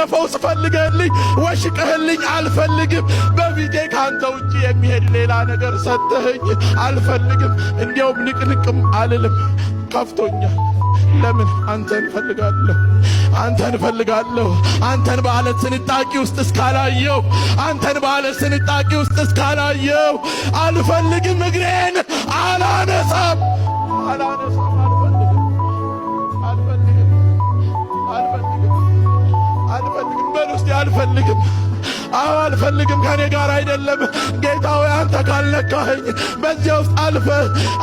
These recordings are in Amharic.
አንተ ፈውስ ፈልገህልኝ ወሽቀህልኝ አልፈልግም። በፊቴ ካንተ ውጭ የሚሄድ ሌላ ነገር ሰጥተህኝ አልፈልግም። እንዲያውም ንቅንቅም አልልም። ከፍቶኛል። ለምን አንተን ፈልጋለሁ አንተን ፈልጋለሁ። አንተን ባለ ስንጣቂ ውስጥ እስካላየው አንተን ባለ ስንጣቂ ውስጥ እስካላየው አልፈልግም እግሬን አልፈልግም አዎ አልፈልግም። ከኔ ጋር አይደለም ጌታዊ። አንተ ካልነካኸኝ፣ በዚያ ውስጥ አልፈ፣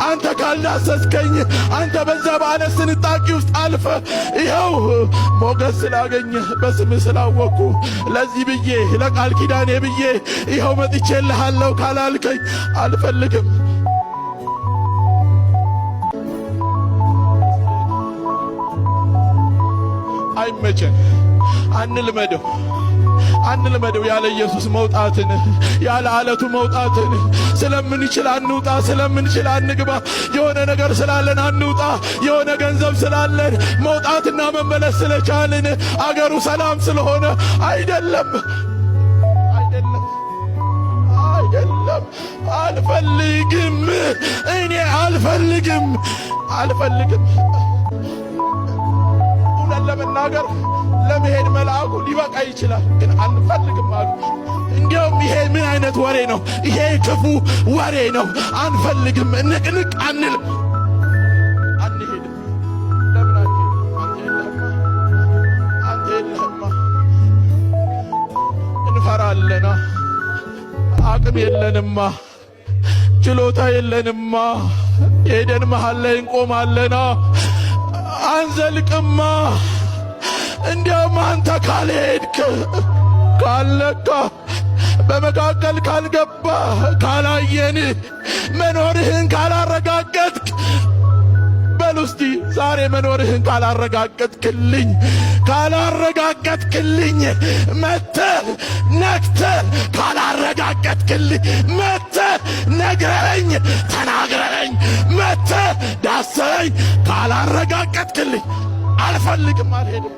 አንተ ካልዳሰስከኝ፣ አንተ በዛ በአነት ስንጣቂ ውስጥ አልፈ፣ ይኸው ሞገስ ስላገኘ በስም ስላወቅኩ ለዚህ ብዬ ለቃል ኪዳኔ ብዬ ይኸው መጥቼልሃለሁ ካላልከኝ አልፈልግም። አይመቸን፣ አንልመደው አንልመደው ያለ ኢየሱስ መውጣትን ያለ አለቱ መውጣትን። ስለምንችል አንውጣ፣ ስለምንችል አንግባ። የሆነ ነገር ስላለን አንውጣ። የሆነ ገንዘብ ስላለን መውጣትና መመለስ ስለቻልን አገሩ ሰላም ስለሆነ አይደለም፣ አይደለም፣ አይደለም። አልፈልግም፣ እኔ አልፈልግም፣ አልፈልግም ለመናገር ለመሄድ መልአኩ ሊበቃ ይችላል፣ ግን አንፈልግም አሉ። እንዲያውም ይሄ ምን አይነት ወሬ ነው? ይሄ ክፉ ወሬ ነው፣ አንፈልግም፣ ንቅንቅ አንልም፣ አንሄድም። ለምን አንተ የለህማ፣ እንፈራለና፣ አቅም የለንማ፣ ችሎታ የለንማ፣ ሄደን መሃል ላይ እንቆማለና አንዘልቅማ እንዲያውም አንተ ካልሄድክ ካለካ በመካከል ካልገባ ካላየን መኖርህን ካላረጋገጥክ በል ዛሬ መኖርህን ካላረጋገጥክልኝ ካላረጋገጥክልኝ መተ ነክተ ካላረጋገጥክልኝ መተ ነግረኝ ተናግረኝ መተ ዳሰኝ ካላረጋገጥክልኝ አልፈልግም፣ አልሄድም።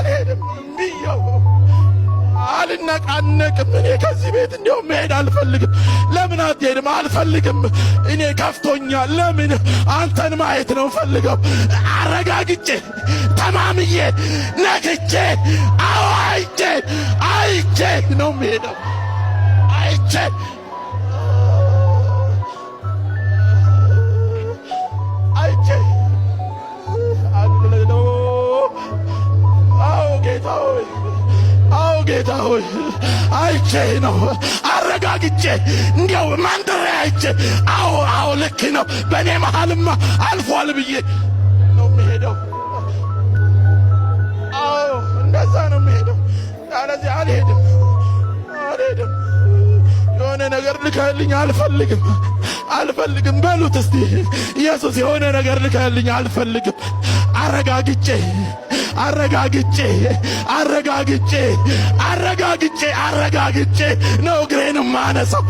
አልሄድም ብየው አልነቃነቅም። እኔ ከዚህ ቤት እንዲያውም መሄድ አልፈልግም። ለምን አትሄድም? አልፈልግም። እኔ ከፍቶኛል። ለምን አንተን ማየት ነው ፈልገው። አረጋግጬ ተማምዬ ነክቼ አዎ አይቼ ነው የምሄደው አይቼ ጌታ ሆይ አዎ ጌታ ሆይ አይቼህ ነው አረጋግቼ፣ እንዲያው ማንደሪያ አይቼ፣ አዎ አዎ ልክ ነው በእኔ መሃልማ አልፏል ብዬ ነው የምሄደው። አዎ እንደዛ ነው የምሄደው። ያለዚህ አልሄድም አልሄድም። የሆነ ነገር ልከህልኝ አልፈልግም አልፈልግም በሉት እስቲ ኢየሱስ የሆነ ነገር ልከህልኝ አልፈልግም አረጋግጬ አረጋግጬ አረጋግጬ አረጋግጬ አረጋግጬ ነው እግሬን ማነሳው።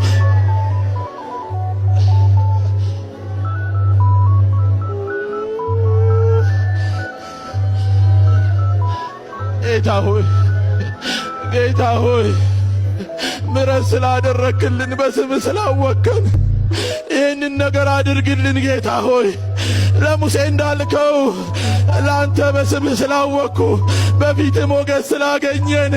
ጌታ ሆይ ጌታ ሆይ ምረት ስላደረክልን በስም ስላወከን ይህንን ነገር አድርግልን ጌታ ሆይ ለሙሴ እንዳልከው ለአንተ በስምህ ስላወቅኩ በፊትም ሞገስ ስላገኘን